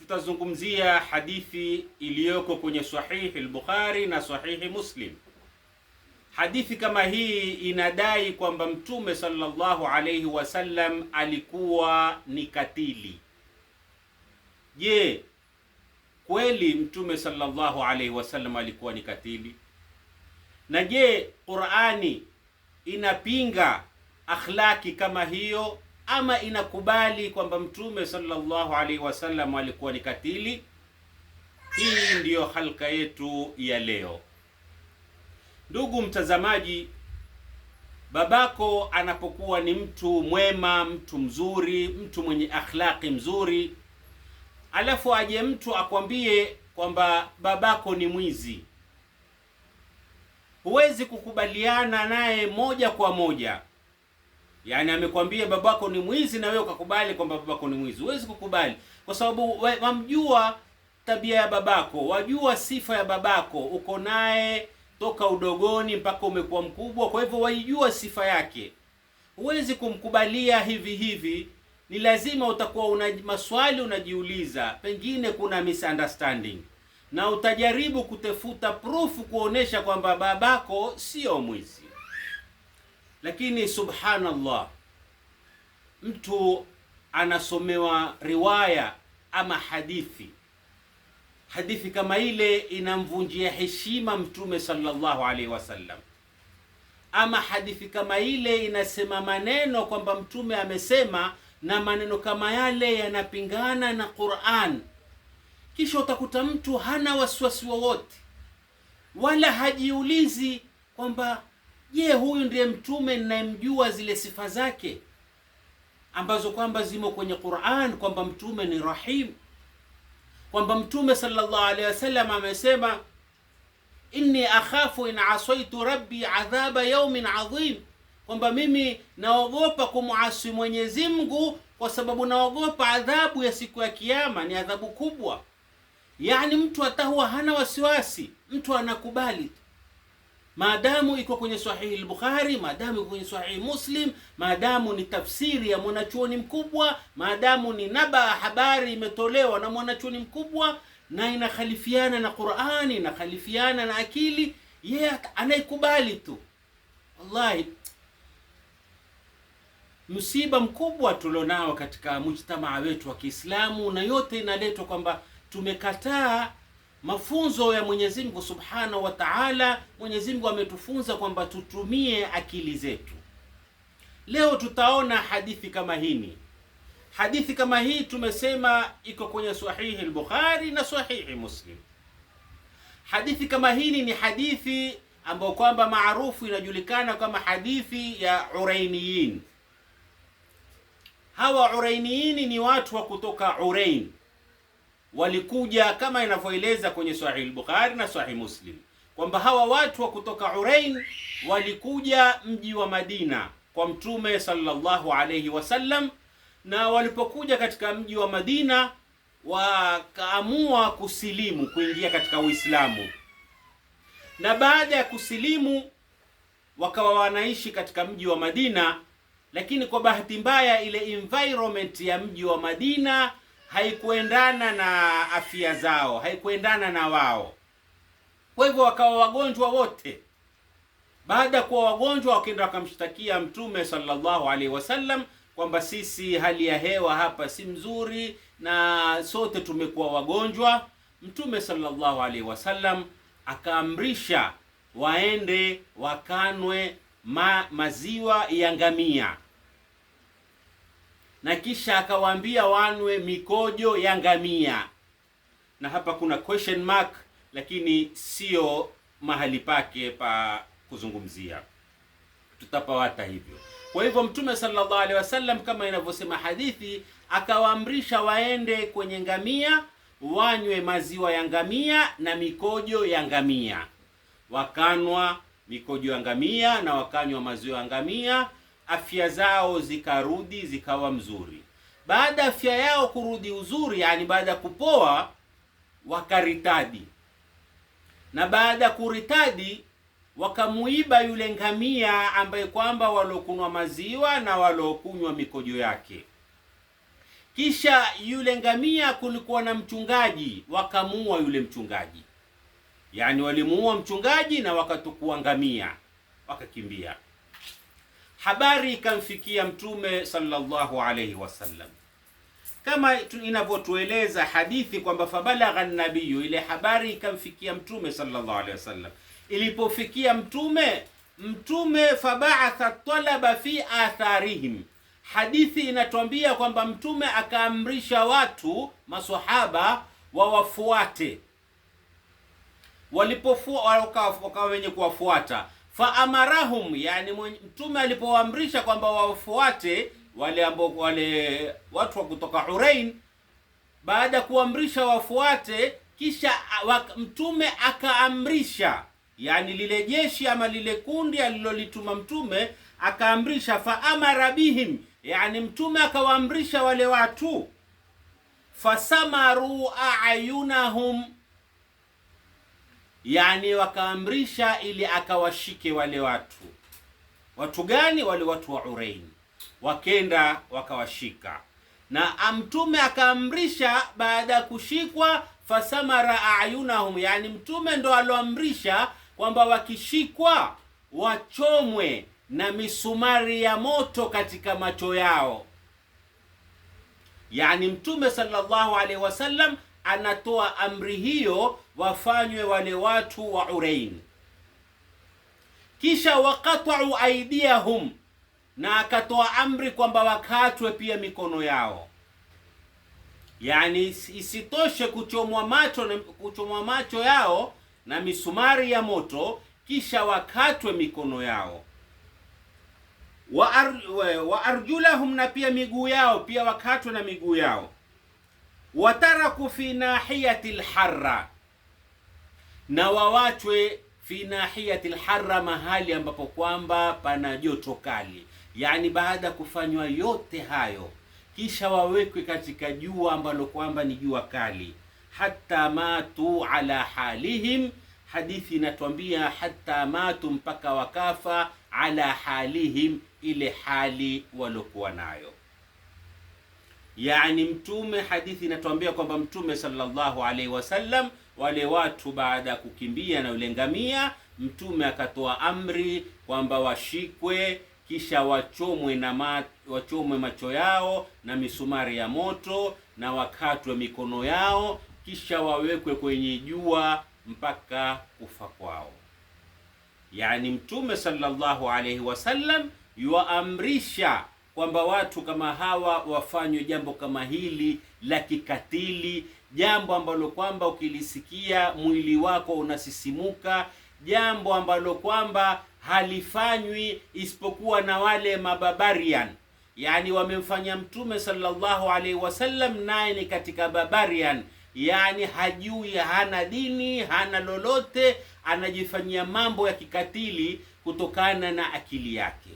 tutazungumzia hadithi iliyoko kwenye sahihi al-Bukhari na sahihi Muslim. Hadithi kama hii inadai kwamba Mtume sallallahu alayhi wasallam alikuwa ni katili. Je, kweli Mtume sallallahu alayhi wasallam alikuwa ni katili? Na je, Qur'ani inapinga akhlaki kama hiyo? ama inakubali kwamba Mtume sallallahu alaihi wasallam alikuwa ni katili. Hii ndiyo halka yetu ya leo. Ndugu mtazamaji, babako anapokuwa ni mtu mwema, mtu mzuri, mtu mwenye akhlaqi mzuri, alafu aje mtu akwambie kwamba babako ni mwizi, huwezi kukubaliana naye moja kwa moja Yaani amekwambia babako ni mwizi na wewe ukakubali kwamba babako ni mwizi. Huwezi kukubali kwa sababu wamjua tabia ya babako, wajua sifa ya babako, uko naye toka udogoni mpaka umekuwa mkubwa, kwa hivyo waijua sifa yake. Huwezi kumkubalia hivi hivi, ni lazima utakuwa una maswali unajiuliza, pengine kuna misunderstanding, na utajaribu kutafuta proof kuonesha kwamba babako sio mwizi. Lakini subhanallah, mtu anasomewa riwaya ama hadithi, hadithi kama ile inamvunjia heshima Mtume sallallahu alaihi wasallam, ama hadithi kama ile inasema maneno kwamba Mtume amesema, na maneno kama yale yanapingana na Qur'an, kisha utakuta mtu hana wasiwasi wowote wala hajiulizi kwamba Je, huyu ndiye mtume ninayemjua zile sifa zake ambazo kwamba zimo kwenye Qur'an kwamba mtume ni rahim, kwamba mtume sallallahu alaihi wasallam amesema inni akhafu in asaitu rabbi adhaba yawmin adhim, kwamba mimi naogopa kumuasi Mwenyezi Mungu kwa sababu naogopa adhabu ya siku ya Kiyama, ni adhabu kubwa. Yani mtu atahua hana wasiwasi, mtu anakubali maadamu iko kwenye sahihi al-Bukhari, maadamu iko kwenye sahihi Muslim, maadamu ni tafsiri ya mwanachuoni mkubwa, maadamu ni naba habari imetolewa na mwanachuoni mkubwa na inakhalifiana na Qur'ani, inakhalifiana na akili, yeye yeah, anaikubali tu. Wallahi, msiba mkubwa tulionao katika mujtamaa wetu wa Kiislamu, na yote inaletwa kwamba tumekataa mafunzo ya Mwenyezi Mungu Subhanahu wa Ta'ala. Mwenyezi Mungu ametufunza kwamba tutumie akili zetu. Leo tutaona hadithi kama hii. Hadithi kama hii tumesema iko kwenye sahihi al-Bukhari na sahihi Muslim. Hadithi kama hii ni hadithi ambayo kwamba maarufu inajulikana kama hadithi ya Urainiyin. Hawa Urainiyin ni watu wa kutoka Urain walikuja kama inavyoeleza kwenye Sahih Bukhari na Sahih Muslim kwamba hawa watu wa kutoka Urain walikuja mji wa Madina kwa Mtume sallallahu alayhi wasallam, na walipokuja katika mji wa Madina wakaamua kusilimu kuingia katika Uislamu, na baada ya kusilimu wakawa wanaishi katika mji wa Madina, lakini kwa bahati mbaya ile environment ya mji wa Madina haikuendana na afya zao, haikuendana na wao. Kwa hivyo wakawa wagonjwa wote. Baada ya kuwa wagonjwa, wakaenda wakamshtakia Mtume sallallahu alaihi wasallam kwamba sisi hali ya hewa hapa si mzuri na sote tumekuwa wagonjwa. Mtume sallallahu alaihi wasallam akaamrisha waende wakanwe ma maziwa ya ngamia na kisha akawaambia wanwe mikojo ya ngamia. Na hapa kuna question mark, lakini sio mahali pake pa kuzungumzia, tutapawata hivyo. Kwa hivyo Mtume sallallahu alaihi wasallam, kama inavyosema hadithi, akawaamrisha waende kwenye ngamia wanywe maziwa ya ngamia na mikojo ya ngamia. Wakanwa mikojo ya ngamia na wakanywa maziwa ya ngamia afya zao zikarudi zikawa mzuri. Baada afya yao kurudi uzuri, yani baada ya kupoa, wakaritadi, na baada ya kuritadi wakamuiba yule ngamia ambaye kwamba waliokunwa maziwa na waliokunywa mikojo yake. Kisha yule ngamia, kulikuwa na mchungaji, wakamuua yule mchungaji, yaani walimuua mchungaji na wakatukua ngamia, wakakimbia habari ikamfikia Mtume sallallahu alayhi wasallam, kama inavyotueleza hadithi kwamba fabalagha nabiyu, ile habari ikamfikia Mtume sallallahu alayhi wasallam. Ilipofikia Mtume, Mtume fabaatha talaba fi atharihim Hadithi inatuambia kwamba mtume akaamrisha watu maswahaba wawafuate, wakawa wenye kuwafuata fa amarahum, yani mtume alipoamrisha kwamba wafuate wale ambao wale watu wa kutoka Hurain, baada ya kuamrisha wafuate, kisha mtume akaamrisha, yani lile jeshi ama lile kundi alilolituma mtume akaamrisha, fa amara bihim, yani mtume akawaamrisha wale watu fasamaru ayunahum yani wakaamrisha ili akawashike wale watu. Watu gani? Wale watu wa urain Wakenda wakawashika, na mtume akaamrisha baada ya kushikwa, fasamara ayunahum, yani mtume ndo aloamrisha kwamba wakishikwa wachomwe na misumari ya moto katika macho yao, yani mtume sallallahu alaihi wasallam anatoa amri hiyo wafanywe wale watu wa Urain. Kisha waqatau aidiahum na akatoa amri kwamba wakatwe pia mikono yao. Yani isitoshe kuchomwa macho na kuchomwa macho yao na misumari ya moto, kisha wakatwe mikono yao wa, ar, wa arjulahum, na pia miguu yao pia wakatwe na miguu yao wataraku fi nahiyati lharra, na wawachwe fi nahiyati lharra, mahali ambapo kwamba pana joto kali. Yani baada ya kufanywa yote hayo, kisha wawekwe katika jua ambalo kwamba ni jua kali, hatta matu ala halihim. Hadithi inatwambia hatta matu, mpaka wakafa ala halihim, ile hali waliokuwa nayo yani mtume, hadithi inatuambia kwamba mtume sallallahu alaihi wasallam, wale watu baada ya kukimbia na yule ngamia, mtume akatoa amri kwamba washikwe, kisha wachomwe na ma, wachomwe macho yao na misumari ya moto na wakatwe mikono yao, kisha wawekwe kwenye jua mpaka kufa kwao. yani mtume sallallahu alaihi wasallam yuwaamrisha kwamba watu kama hawa wafanywe jambo kama hili la kikatili, jambo ambalo kwamba ukilisikia mwili wako unasisimuka, jambo ambalo kwamba halifanywi isipokuwa na wale mababarian. Yani wamemfanya Mtume sallallahu alaihi wasallam, naye ni katika babarian yani hajui, hana dini, hana lolote, anajifanyia mambo ya kikatili kutokana na akili yake.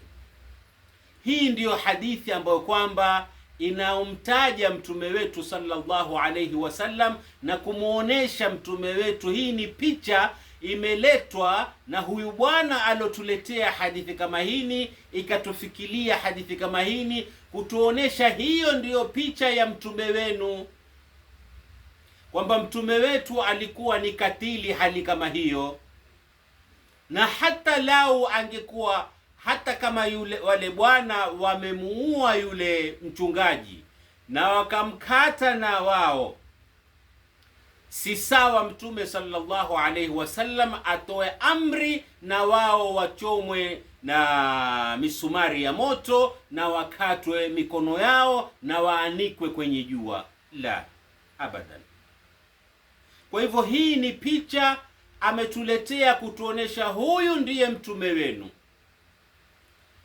Hii ndiyo hadithi ambayo kwamba inaomtaja mtume wetu sallallahu alayhi wasallam na kumwonyesha mtume wetu. Hii ni picha imeletwa na huyu bwana aliotuletea hadithi kama hini, ikatufikilia hadithi kama hini kutuonesha hiyo ndiyo picha ya mtume wenu, kwamba mtume wetu alikuwa ni katili hali kama hiyo, na hata lau angekuwa hata kama yule wale bwana wamemuua yule mchungaji na wakamkata na wao, si sawa Mtume sallallahu alaihi wasallam atoe amri na wao wachomwe na misumari ya moto na wakatwe mikono yao na waanikwe kwenye jua la abadan. Kwa hivyo hii ni picha ametuletea kutuonesha, huyu ndiye mtume wenu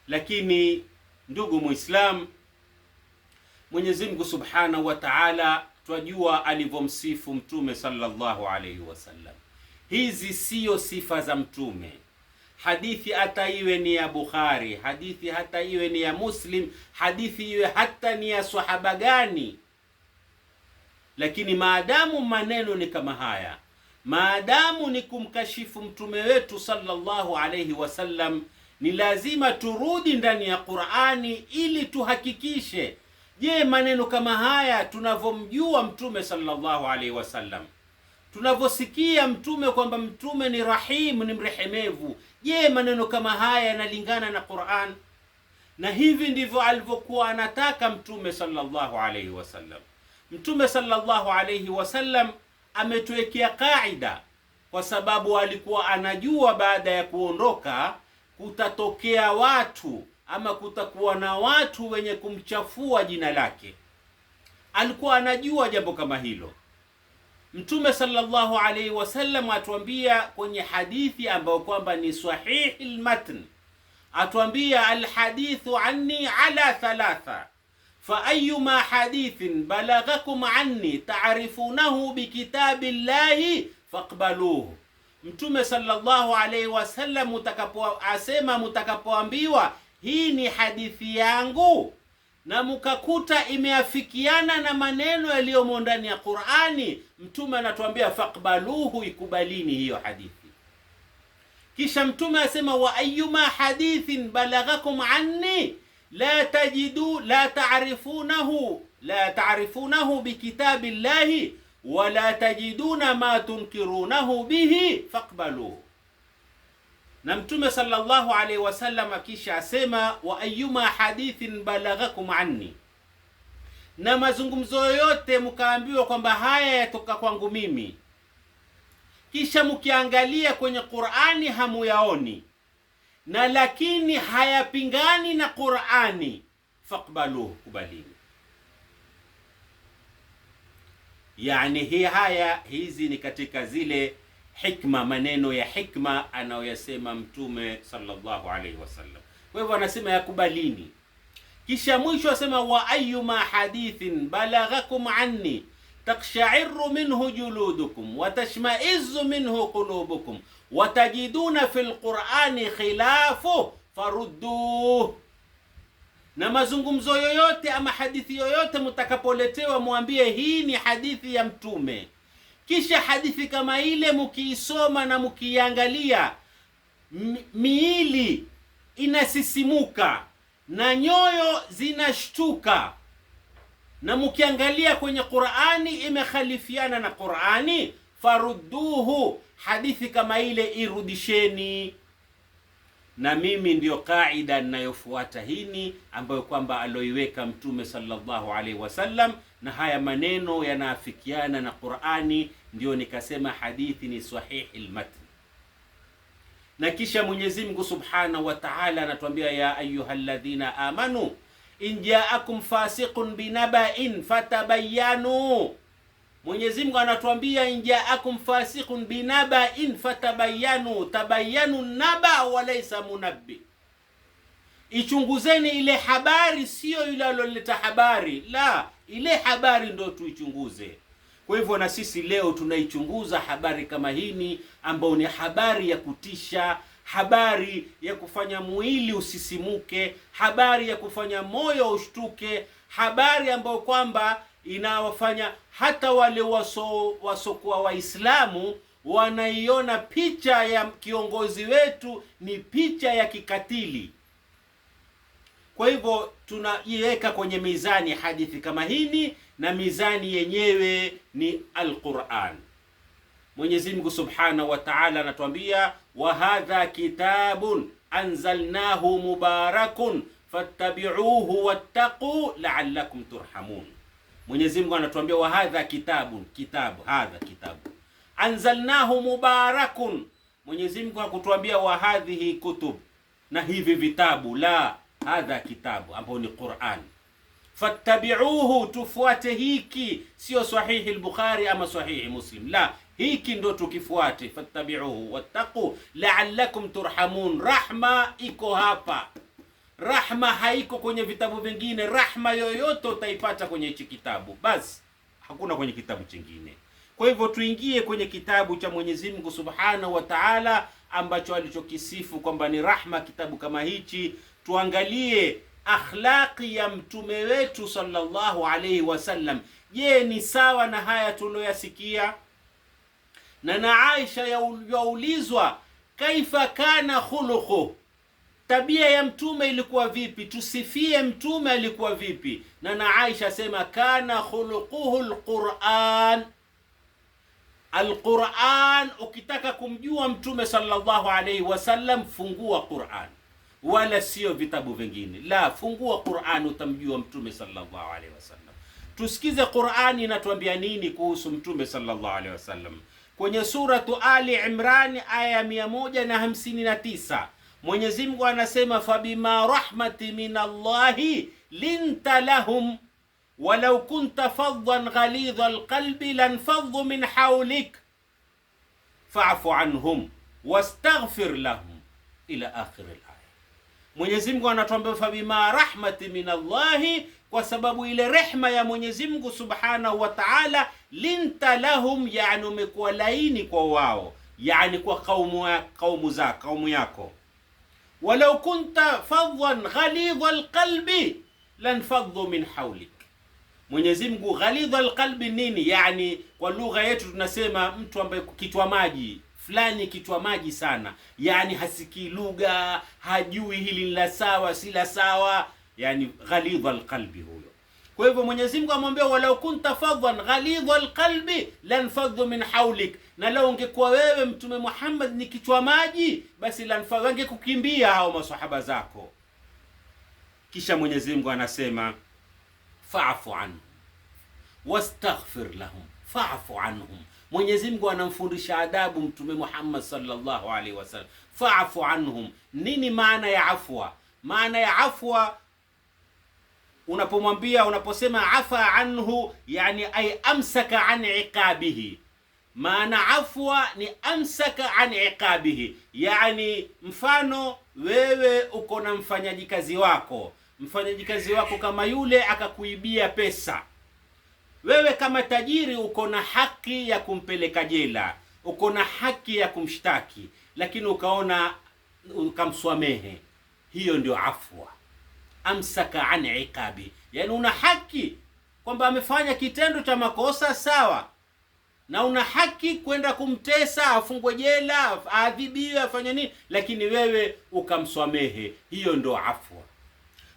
lakini ndugu Muislam, Mwenyezi Mungu Subhanahu wa Ta'ala twajua alivyomsifu mtume sallallahu alayhi wasallam. Hizi siyo sifa za mtume. Hadithi hata iwe ni ya Bukhari, hadithi hata iwe ni ya Muslim, hadithi iwe hata ni ya sahaba gani, lakini maadamu maneno ni kama haya, maadamu ni kumkashifu mtume wetu sallallahu alayhi wasallam ni lazima turudi ndani ya Qur'ani ili tuhakikishe, je, maneno kama haya tunavyomjua mtume sallallahu alaihi wasallam, tunavyosikia mtume kwamba mtume ni rahimu, ni mrehemevu, je, maneno kama haya yanalingana na Qur'an? Na hivi ndivyo alivyokuwa anataka mtume sallallahu alaihi wasallam. Mtume sallallahu alaihi wasallam ametuwekea kaida, kwa sababu alikuwa anajua baada ya kuondoka kutatokea watu ama kutakuwa na watu wenye kumchafua jina lake. Alikuwa anajua jambo kama hilo. Mtume sallallahu alaihi wasallam atuambia kwenye hadithi ambayo kwamba ni sahihi lmatn, atuambia alhadithu anni ala thalatha fa ayyuma hadithin balaghakum anni tarifunahu bikitabi llahi faqbaluhu Mtume sallallahu alaihi wasallam mutakapo asema mutakapoambiwa hii ni hadithi yangu na mkakuta imeafikiana na maneno yaliyomo ndani ya Qur'ani, mtume anatuambia faqbaluhu, ikubalini hiyo hadithi. Kisha mtume asema wa ayuma hadithin balaghakum anni la tajidu la ta'rifunahu la ta'rifunahu bikitabillahi wala tajiduna ma tunkirunahu bihi faqbalu. Na Mtume sallallahu alaihi wasallam kisha asema, wa ayuma hadithin balaghakum anni, na mazungumzo yoyote mkaambiwa kwamba haya yatoka kwangu mimi, kisha mkiangalia kwenye Qur'ani hamuyaoni na lakini hayapingani na Qur'ani, faqbalu, kubalini yani hii haya hizi ni katika zile hikma, maneno ya hikma anayoyasema Mtume sallallahu alaihi wasallam. Kwa hivyo anasema yakubalini, kisha mwisho asema wa ayuma hadithin balaghakum anni takshairu minhu juludukum wa tashmaizu minhu qulubukum watajiduna fi lqurani khilafu farudduh na mazungumzo yoyote ama hadithi yoyote mtakapoletewa, mwambie hii ni hadithi ya Mtume. Kisha hadithi kama ile mkiisoma na mkiiangalia, miili inasisimuka na nyoyo zinashtuka, na mkiangalia kwenye Qur'ani imekhalifiana na Qur'ani, farudduhu, hadithi kama ile irudisheni na mimi ndiyo kaida ninayofuata hini ambayo kwamba aloiweka Mtume sallallahu alaihi wasallam, na haya maneno yanaafikiana na Qur'ani, ndiyo nikasema hadithi ni sahihi almatn. Na kisha Mwenyezi Mungu subhanahu wa ta'ala anatuambia ya ayyuhalladhina amanu in ja'akum fasiqun binaba'in fatabayyanu Mwenyezi Mungu anatuambia injaakum fasiqun binabain fatabayanu, tabayanu naba walaisa munabbi, ichunguzeni ile habari, siyo yule aloleta habari, la ile habari ndo tuichunguze. Kwa hivyo na sisi leo tunaichunguza habari kama hini, ambayo ni habari ya kutisha, habari ya kufanya mwili usisimuke, habari ya kufanya moyo ushtuke, habari ambayo kwamba inawafanya hata wale waso wasokuwa Waislamu wanaiona picha ya kiongozi wetu ni picha ya kikatili. Kwa hivyo tunaiweka kwenye mizani hadithi kama hili, na mizani yenyewe ni Alquran. Mwenyezi Mungu Subhanahu wa Ta'ala anatuambia, wa hadha kitabun anzalnahu mubarakun fattabi'uhu wattaqu la'allakum turhamun Mwenyezi Mungu anatuambia wa hadha kitabu kitabu hadha kitabu anzalnahu mubarakun. Mwenyezi Mungu hakutuambia wa hadhihi kutub, na hivi vitabu la hadha kitabu ambao ni Qur'an, fattabi'uhu, tufuate hiki. Sio sahihi al-Bukhari ama sahihi Muslim, la hiki ndo tukifuate. Fattabi'uhu wattaqu la'allakum turhamun, rahma iko hapa. Rahma haiko kwenye vitabu vingine. Rahma yoyote utaipata kwenye hichi kitabu, basi hakuna kwenye kitabu chingine. Kwa hivyo tuingie kwenye kitabu cha Mwenyezi Mungu Subhanahu wa Ta'ala ambacho alichokisifu kwamba ni rahma. Kitabu kama hichi, tuangalie akhlaqi ya mtume wetu sallallahu alayhi wasallam. Je, ni sawa na haya tuliyoyasikia? Na na Aisha yaulizwa kaifa kana khuluquhu tabia ya mtume ilikuwa vipi, tusifie mtume alikuwa vipi. Na na Aisha sema kana khuluquhu alquran. Alquran, ukitaka kumjua mtume sallallahu alayhi wasallam, fungua Quran, wala sio vitabu vingine. La, fungua Quran utamjua mtume sallallahu alayhi wasallam. Tusikize Qurani inatuambia nini kuhusu mtume sallallahu alayhi wasallam kwenye suratu Ali Imran aya ya 159 Mwenyezi Mungu anasema fabima rahmati min Allahi linta lahum walau kunta faddan ghalidha alqalbi lanfaddu min hawlik fa'fu anhum wastaghfir lahum ila akhir alaya. Mwenyezi Mungu anatuambia fabima rahmati min Allahi, kwa sababu ile rehma ya Mwenyezi Mungu subhanahu wa ta'ala, linta lahum, yani umekuwa laini kwa wao, yani kwa kaumu kaumu za kaumu yako walau kunta fadhan ghalidha alqalbi lanfadhu min haulik. Mwenyezi Mungu ghalidha alqalbi nini? Yani kwa lugha yetu tunasema mtu ambaye kitwa maji fulani, kichwa maji sana, yani hasikii lugha, hajui hili la sawa si la sawa, yani ghalidh alqalbi huyo. Kwa hivyo Mwenyezi Mungu amwambia walau kunta fadhan ghalidha alqalbi lanfadhu min hawlik na lau ungekuwa wewe Mtume Muhammad ni kichwa maji, basi lanfa kukimbia hao masahaba zako. Kisha Mwenyezi Mungu anasema fa'fu anhum wastaghfir lahum fa'fu anhum. Mwenyezi Mungu anamfundisha adabu Mtume Muhammad sallallahu alaihi wasallam. Fa'fu anhum, nini maana ya afwa? Maana ya afwa unapomwambia unaposema afa anhu, yani ay amsaka an iqabihi maana afwa ni amsaka an iqabihi, yani mfano wewe uko na mfanyaji kazi wako, mfanyaji kazi wako kama yule akakuibia pesa, wewe kama tajiri uko na haki ya kumpeleka jela, uko na haki ya kumshtaki, lakini ukaona ukamswamehe, hiyo ndio afwa, amsaka an iqabi, yani una haki kwamba amefanya kitendo cha makosa sawa na una haki kwenda kumtesa afungwe jela aadhibiwe afanye nini, lakini wewe ukamswamehe. Hiyo ndo afwa.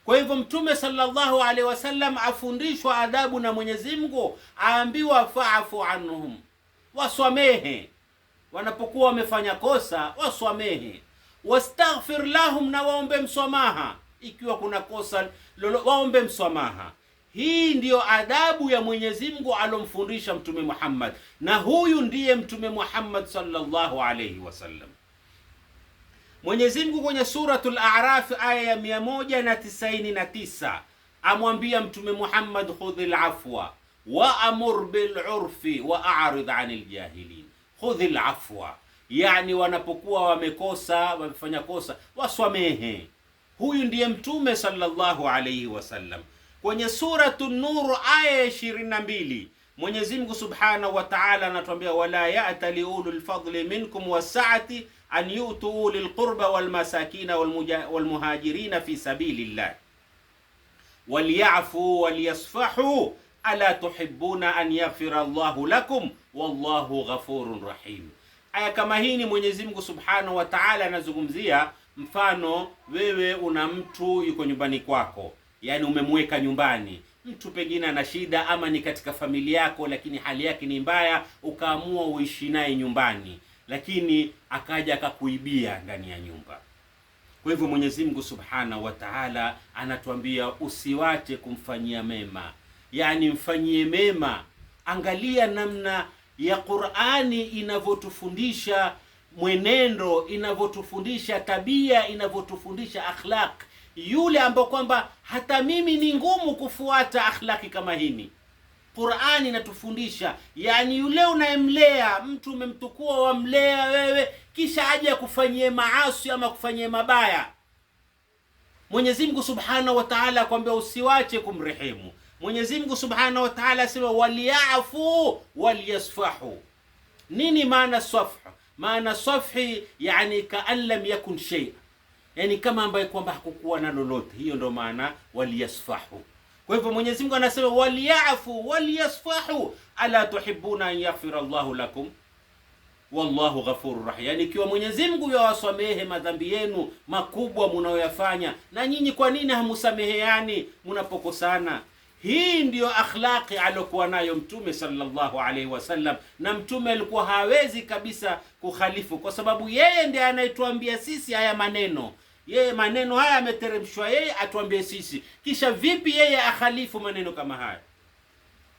Kwa hivyo Mtume sallallahu alaihi wasallam afundishwa adabu na Mwenyezi Mungu, aambiwa faafu anhum, waswamehe wanapokuwa wamefanya kosa, waswamehe. Wastaghfir lahum, na waombe msamaha ikiwa kuna kosa lolo, waombe msamaha hii ndiyo adabu ya Mwenyezi Mungu alomfundisha Mtume Muhammad, na huyu ndiye Mtume Muhammad sallallahu alayhi wasallam. Mwenyezi Mungu kwenye suratul A'raf aya ya 199 amwambia Mtume Muhammad, khudhil afwa wa amur bil urfi wa a'rid 'anil jahilin. Khudhil afwa, yani wanapokuwa wamekosa, wamefanya kosa, waswamehe. Huyu ndiye Mtume sallallahu alayhi wasallam. Kwenye suratu Nur aya ya ishirini na mbili Mwenyezi Mungu subhanahu wa taala anatuambia, wala yata liulu lfadli minkum wasaati an yutuu lilqurba walmasakina walmuhajirina fi sabili llah walyafuu walyasfahuu ala tuhibuna an yaghfira llahu lakum wallahu ghafurun rahim. Aya kama hii ni Mwenyezi Mungu subhanahu wa taala anazungumzia mfano, wewe una mtu yuko nyumbani kwako yaani umemweka nyumbani mtu pengine ana shida ama ni katika familia yako, lakini hali yake ni mbaya, ukaamua uishi naye nyumbani, lakini akaja akakuibia ndani ya nyumba. Kwa hivyo Mwenyezi Mungu Subhanahu wa Ta'ala anatuambia usiwache kumfanyia mema, yaani mfanyie mema. Angalia namna ya Qur'ani inavyotufundisha mwenendo, inavyotufundisha tabia, inavyotufundisha akhlaq yule ambao kwamba hata mimi ni ngumu kufuata akhlaki kama hini. Qur'ani inatufundisha yani, yule unayemlea mtu umemtukua, wamlea wewe, kisha aje akufanyie maasi ama akufanyie mabaya. Mwenyezi Mungu Subhanahu wa Ta'ala akwambia usiwache kumrehemu. Mwenyezi Mungu Subhanahu wa Ta'ala asema waliafu waliyasfahu. Nini maana safhu? Maana safhi yani kaan lam yakun shay yani kama ambaye kwamba hakukuwa na lolote. Hiyo ndo maana waliyasfahu. Kwa hivyo Mwenyezi Mungu anasema waliyafu waliyasfahu, ala tuhibuna an yaghfira Allahu lakum wallahu ghafurur rahim. Yani, ikiwa Mwenyezi Mungu yawasamehe madhambi yenu makubwa mnayoyafanya, na nyinyi kwa nini hamusameheani mnapokosana? Hii ndiyo akhlaqi aliyokuwa nayo Mtume sallallahu alaihi wasallam, na Mtume alikuwa hawezi kabisa kukhalifu, kwa sababu yeye ndiye anayetuambia sisi haya maneno yeye maneno haya ameteremshwa yeye, atuambie sisi. Kisha vipi yeye akhalifu maneno kama haya?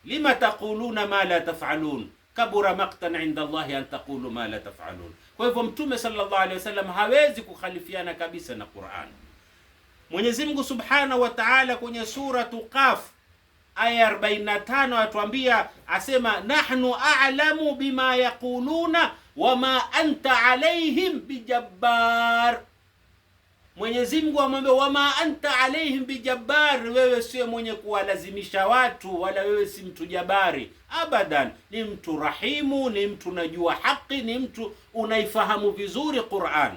lima taquluna ma la tafalun kabura maktan inda Allahi an taqulu ma la tafalun. Kwa hivyo Mtume sallallahu alaihi wasallam hawezi kukhalifiana kabisa na Qur'an. Mwenyezi Mungu subhanahu wa taala kwenye suratu Qaf aya 45 atuambia, asema nahnu a'lamu bima yaquluna wama anta alaihim bijabbar Mwenyezi Mungu amwambia, wama anta alaihim bijabbar, wewe sio mwenye kuwalazimisha watu, wala wewe si mtu jabari abadan. Ni mtu rahimu, ni mtu unajua haki, ni mtu unaifahamu vizuri Qur'an.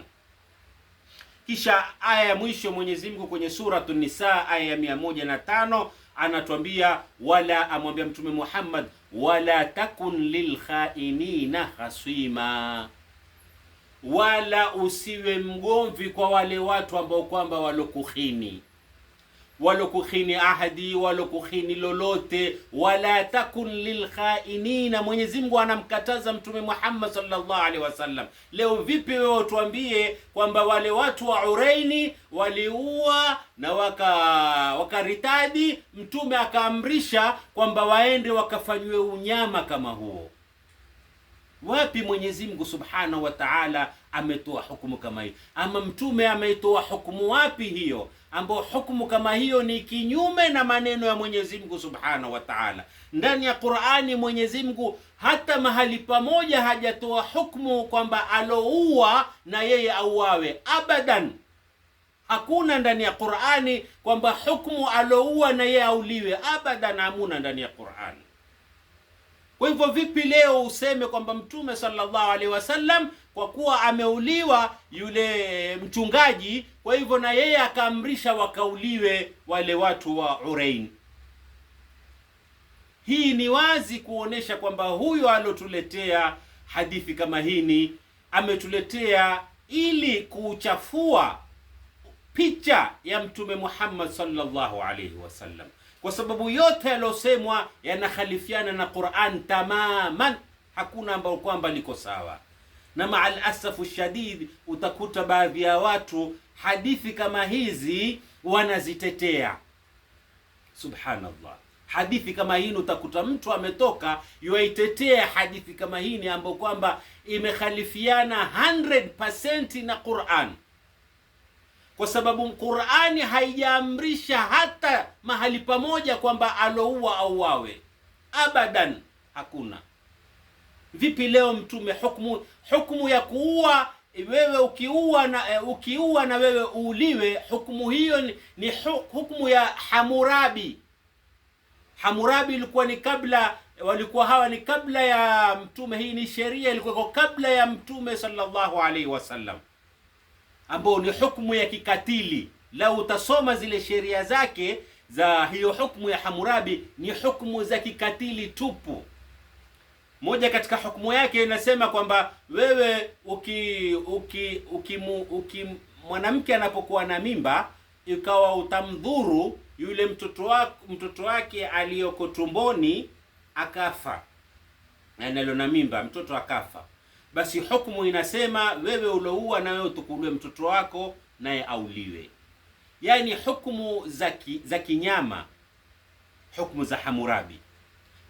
Kisha aya ya mwisho Mwenyezi Mungu kwenye suratu Nisa aya ya mia moja na tano anatuambia wala, amwambia Mtume Muhammad, wala takun lilkhainina hasima wala usiwe mgomvi kwa wale watu ambao kwamba walokuhini walokuhini ahadi walokuhini lolote, wala takun lilkhainina. Mwenyezi Mungu anamkataza Mtume Muhammad sallallahu alaihi wasallam. Leo vipi wewe utuambie kwamba wale watu wa Ureini waliua na waka wakaritadi, Mtume akaamrisha kwamba waende wakafanyiwe unyama kama huo? Wapi Mwenyezi Mungu Subhanahu wa Ta'ala ametoa hukumu kama hiyo? Ama mtume ametoa hukumu wapi hiyo, ambayo hukumu kama hiyo ni kinyume na maneno ya Mwenyezi Mungu Subhanahu wa Ta'ala? Ndani ya Qur'ani Mwenyezi Mungu hata mahali pamoja hajatoa hukumu kwamba aloua na yeye auawe, abadan. Hakuna ndani ya Qur'ani kwamba hukumu aloua na yeye auliwe, abadan. Hamuna ndani ya Qur'ani. Kwa hivyo vipi leo useme kwamba Mtume sallallahu alaihi wasallam kwa kuwa ameuliwa yule mchungaji, kwa hivyo na yeye akaamrisha wakauliwe wale watu wa Urain? Hii ni wazi kuonesha kwamba huyo alotuletea hadithi kama hini ametuletea ili kuchafua picha ya Mtume Muhammad sallallahu alaihi wasallam kwa sababu yote yaliyosemwa yanakhalifiana na Qur'an tamaman, hakuna ambayo kwamba liko sawa. Na maal asafu shadid, utakuta baadhi ya watu hadithi kama hizi wanazitetea. Subhanallah, hadithi kama hii utakuta mtu ametoka yuaitetea hadithi kama hii ambayo kwamba imekhalifiana 100% na Qur'an kwa sababu Qur'ani haijaamrisha hata mahali pamoja kwamba aloua wawe abadan, hakuna. Vipi leo mtume hukumu hukumu ya kuua e, wewe ukiua na e, ukiua na wewe uuliwe, hukumu hiyo ni, ni hukumu ya Hamurabi. Hamurabi ilikuwa ni kabla, e, walikuwa hawa ni kabla ya mtume, hii ni sheria ilikuwa kabla ya mtume sallallahu alaihi wasallam ambao ni hukumu ya kikatili. la utasoma zile sheria zake za hiyo hukumu ya Hamurabi, ni hukumu za kikatili tupu. Moja katika hukumu yake inasema kwamba wewe uki uki uki, uki mwanamke anapokuwa na mimba ikawa utamdhuru yule mtoto wake mtoto wake aliyoko tumboni akafa, analo yaani na mimba mtoto akafa basi hukumu inasema wewe uloua na wewe utukuliwe mtoto wako naye auliwe. Yaani hukumu za kinyama, hukumu za Hamurabi.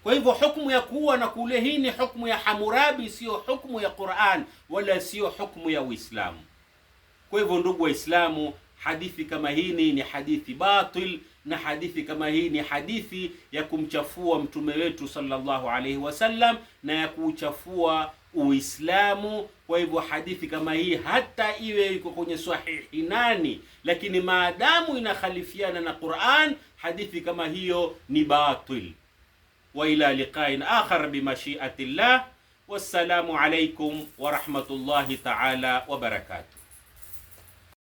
Kwa hivyo hukumu ya kuua na kuulia hii ni hukumu ya Hamurabi, siyo hukumu ya Qur'an wala siyo hukumu ya Uislamu. Kwa hivyo ndugu Waislamu, hadithi kama hii ni hadithi batil, na hadithi kama hii ni hadithi ya kumchafua mtume wetu sallallahu alayhi wasallam na ya kuuchafua Uislamu. Kwa hivyo hadithi kama hii hata iwe iko kwenye sahihi nani, lakini maadamu inakhalifiana na Qur'an, hadithi kama hiyo ni batil. Wa ila liqa'in akhar bi mashi'atillah. Wassalamu alaykum wa rahmatullahi ta'ala wa barakatuh.